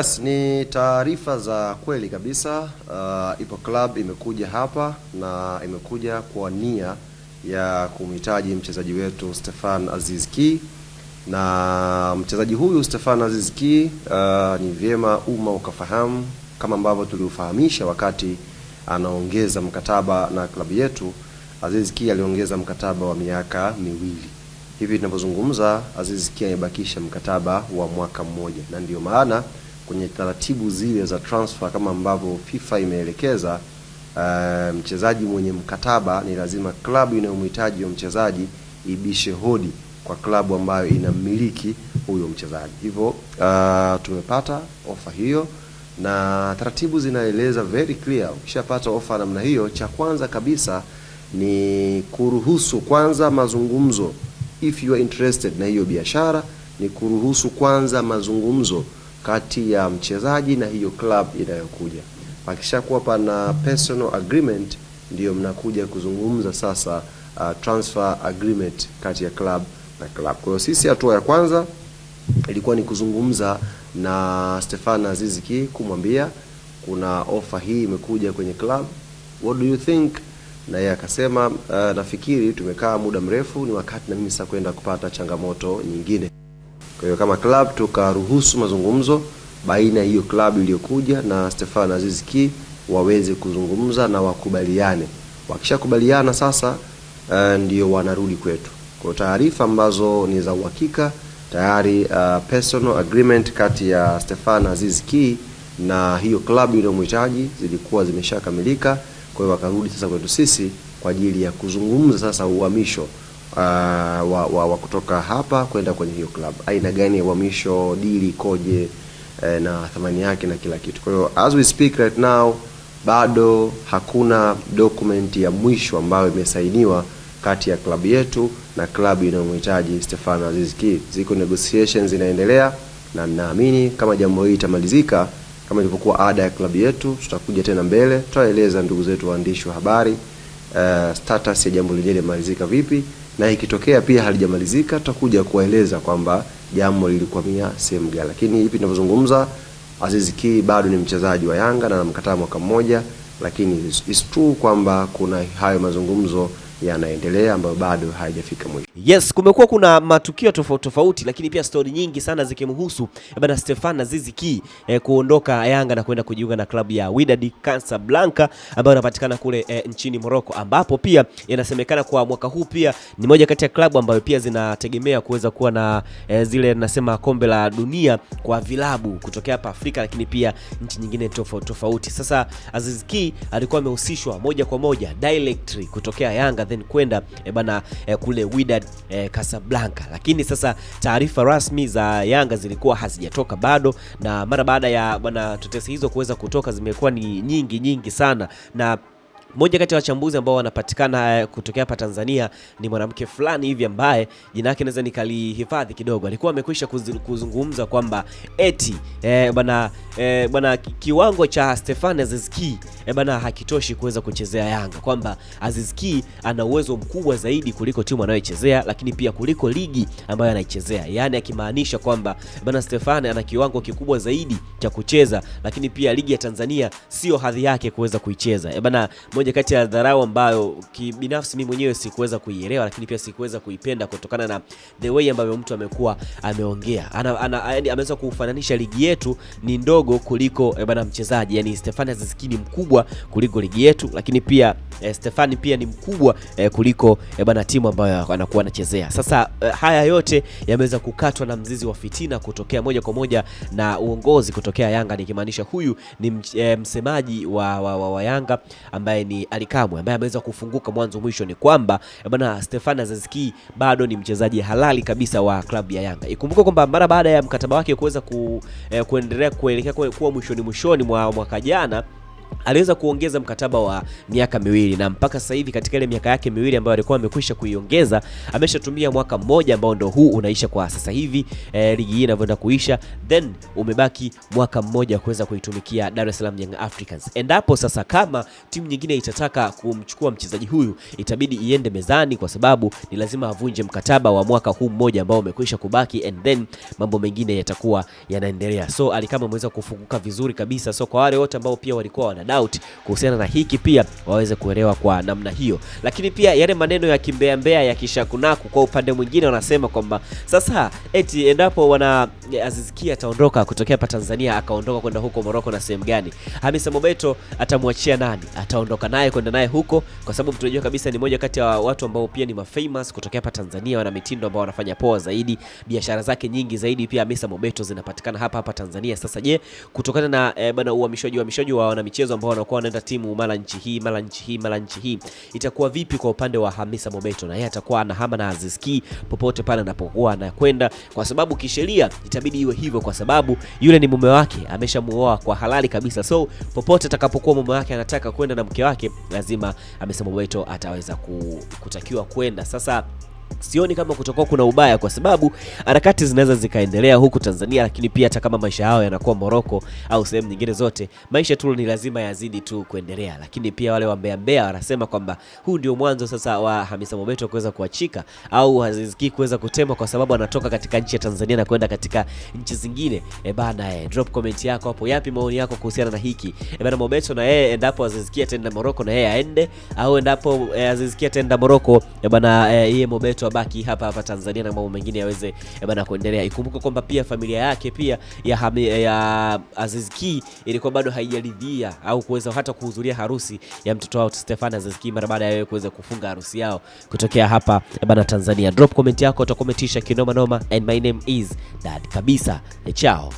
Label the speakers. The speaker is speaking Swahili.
Speaker 1: Yes, ni taarifa za kweli kabisa. Uh, ipo club imekuja hapa na imekuja kwa nia ya kumhitaji mchezaji wetu Stefan Aziz Ki, na mchezaji huyu Stefan Aziz Ki uh, ni vyema umma ukafahamu kama ambavyo tuliufahamisha wakati anaongeza mkataba na klabu yetu. Aziz Ki aliongeza mkataba wa miaka miwili. Hivi tunavyozungumza, Aziz Ki amebakisha mkataba wa mwaka mmoja, na ndio maana kwenye taratibu zile za transfer kama ambavyo FIFA imeelekeza. Uh, mchezaji mwenye mkataba ni lazima klabu inayomhitaji huyo mchezaji ibishe hodi kwa klabu ambayo inamiliki huyo mchezaji. Hivyo uh, tumepata ofa hiyo na taratibu zinaeleza very clear. Ukishapata ofa namna hiyo, cha kwanza kabisa ni kuruhusu kwanza mazungumzo, if you are interested na hiyo biashara, ni kuruhusu kwanza mazungumzo kati ya mchezaji na hiyo club inayokuja. Pakishakuwa pana personal agreement, ndiyo mnakuja kuzungumza sasa uh, transfer agreement kati ya club na club. Kwa hiyo sisi hatua ya kwanza ilikuwa ni kuzungumza na Stefan Aziziki kumwambia kuna ofa hii imekuja kwenye club, what do you think? Na yeye akasema uh, nafikiri tumekaa muda mrefu, ni wakati na mimi sasa kwenda kupata changamoto nyingine. Kwa hiyo kama club tukaruhusu mazungumzo baina ya hiyo klabu iliyokuja na Stefano Aziz Ki waweze kuzungumza na wakubaliane. Wakishakubaliana sasa, uh, ndio wanarudi kwetu kwa taarifa ambazo ni za uhakika tayari. Uh, personal agreement kati ya Stefano Aziz Ki na hiyo klabu iliyomhitaji zilikuwa zimeshakamilika. Kwa hiyo wakarudi sasa kwetu sisi kwa ajili ya kuzungumza sasa uhamisho uh, wa, wa, wa kutoka hapa kwenda kwenye hiyo club, aina gani ya uhamisho, dili ikoje, eh, na thamani yake na kila kitu. Kwa hiyo as we speak right now bado hakuna document ya mwisho ambayo imesainiwa kati ya klabu yetu na klabu inayomhitaji Stefano Aziziki. Ziko negotiations zinaendelea, na naamini kama jambo hili itamalizika kama ilivyokuwa ada ya klabu yetu, tutakuja tena mbele, tutaeleza ndugu zetu waandishi wa habari uh, status ya jambo lenyewe limalizika vipi na ikitokea pia halijamalizika tutakuja kuwaeleza kwamba jambo lilikwamia sehemu gani, lakini hivi tunavyozungumza Aziz Ki bado ni mchezaji wa Yanga na anamkataa mwaka mmoja, lakini is true kwamba kuna hayo mazungumzo yanaendelea ambayo bado hayajafika mwisho.
Speaker 2: Yes, kumekuwa kuna matukio tofauti tofauti, lakini pia stori nyingi sana zikimhusu bwana Stephane Aziz Ki eh, kuondoka eh, Yanga na kwenda kujiunga na klabu ya Wydad Casablanca ambayo inapatikana kule eh, nchini Morocco, ambapo pia inasemekana kwa mwaka huu pia ni moja kati ya klabu ambayo pia zinategemea kuweza kuwa na eh, zile nasema kombe la dunia kwa vilabu kutokea hapa Afrika, lakini pia nchi nyingine tofauti tofauti. Sasa Aziz Ki alikuwa amehusishwa moja kwa moja directly kutokea Yanga then kwenda eh, bwana eh, kule Wydad eh, Casablanca, lakini sasa taarifa rasmi za Yanga zilikuwa hazijatoka bado, na mara baada ya bwana tetesi hizo kuweza kutoka zimekuwa ni nyingi nyingi sana na mmoja kati ya wachambuzi ambao wanapatikana eh, kutokea hapa Tanzania ni mwanamke fulani hivi ambaye jina lake naweza nikalihifadhi kidogo. Alikuwa amekwisha kuzungumza kwamba eti e, eh, bana e, eh, bana kiwango cha Stefan Azizki e, bana hakitoshi kuweza kuchezea Yanga, kwamba Azizki ana uwezo mkubwa zaidi kuliko timu anayochezea lakini pia kuliko ligi ambayo anaichezea, yaani akimaanisha kwamba bana Stefan ana kiwango kikubwa zaidi cha kucheza, lakini pia ligi ya Tanzania sio hadhi yake kuweza kuicheza e, bana moja kati ya dharau ambayo kibinafsi mimi mwenyewe sikuweza kuielewa, lakini pia sikuweza kuipenda kutokana na the way ambayo mtu amekuwa ameongea, yaani ameweza kufananisha ligi yetu ni ndogo kuliko eh, bana mchezaji yani Stefani Aziziki ni mkubwa kuliko ligi yetu, lakini pia eh, Stefani pia ni mkubwa eh, kuliko eh, bana timu ambayo anakuwa anachezea. Sasa eh, haya yote yameweza kukatwa na mzizi wa fitina kutokea moja kwa moja na uongozi kutokea Yanga, nikimaanisha huyu ni eh, msemaji wa, wa, wa, wa Yanga ambaye ni Alikamwe ambaye ameweza kufunguka mwanzo mwisho, ni kwamba eh, bwana Stefano Ziziki bado ni mchezaji halali kabisa wa klabu ya Yanga. Ikumbuke kwamba mara baada ya mkataba wake kuweza ku, eh, kuendelea kuelekea kuwa mwishoni mwishoni mwa mwaka jana aliweza kuongeza mkataba wa miaka miwili na mpaka sasa hivi katika ile miaka yake miwili ambayo alikuwa amekwisha kuiongeza ameshatumia mwaka mmoja ambao ndo huu unaisha kwa sasa hivi eh, ligi hii inavyoenda kuisha, then umebaki mwaka mmoja kuweza kuitumikia Dar es Salaam Young Africans. Endapo sasa kama timu nyingine itataka kumchukua mchezaji huyu itabidi iende mezani, kwa sababu ni lazima avunje mkataba wa mwaka huu mmoja ambao umekwisha kubaki, and then mambo mengine yatakuwa yanaendelea. So alikama ameweza kufunguka vizuri kabisa, so kwa wale wote ambao pia walikuwa wana wana doubt kuhusiana na hiki pia waweze kuelewa kwa namna hiyo. Lakini pia yale maneno ya kimbeambea ya kishakunaku, kwa upande mwingine wanasema kwamba sasa eti endapo wana eh, Aziz Ki ataondoka kutokea pa Tanzania akaondoka kwenda huko Morocco na sehemu gani, Hamisa Mobeto atamwachia nani? Ataondoka naye kwenda naye huko, kwa sababu tunajua kabisa ni moja kati ya watu ambao pia ni mafamous kutokea pa Tanzania, wana mitindo ambao wanafanya poa zaidi, biashara zake nyingi zaidi pia Hamisa Mobeto zinapatikana hapa hapa Tanzania. Sasa je, kutokana na eh, bana uhamishaji uhamishaji wa wanamichezo michezo ambao wanakuwa wanaenda timu mara nchi hii mara nchi hii mara nchi hii, itakuwa vipi kwa upande wa Hamisa Mobeto? Na yeye atakuwa anahama na aziski popote pale anapokuwa anakwenda, kwa sababu kisheria itabidi iwe hivyo, kwa sababu yule ni mume wake, ameshamuoa kwa halali kabisa. So popote atakapokuwa mume wake anataka kwenda na mke wake, lazima Hamisa Mobeto ataweza kutakiwa kwenda. Sasa sioni kama kutakuwa kuna ubaya, kwa sababu harakati zinaweza zikaendelea huku Tanzania, lakini pia hata kama maisha yao yanakuwa Moroko au sehemu nyingine zote, maisha tu ni lazima yazidi tu kuendelea. Lakini pia wale wambeambea wanasema kwamba huu ndio mwanzo sasa wa Hamisa Mobeto kuweza kuachika au Aziz Ki kuweza kutemwa, kwa sababu anatoka katika nchi ya Tanzania na kwenda katika nchi zingine. E bana, e, drop comment yako hapo, yapi maoni yako kuhusiana na hiki e bana. Mobeto na yeye endapo Aziz Ki ataenda Moroko na yeye aende, au endapo e, Aziz Ki ataenda Moroko e bana, yeye Mobeto abaki hapa hapa Tanzania na mambo mengine yaweze eh, bana kuendelea. Ikumbuke kwamba pia familia yake pia ya, hami, eh, ya Aziz Ki ilikuwa bado haijaridhia au kuweza hata kuhudhuria harusi ya mtoto wao Stefan Aziz Ki mara baada ya yeye kuweza kufunga harusi yao kutokea hapa eh, bana Tanzania. Drop comment yako utakometisha kinoma noma, and my name is Dad kabisa. Chao.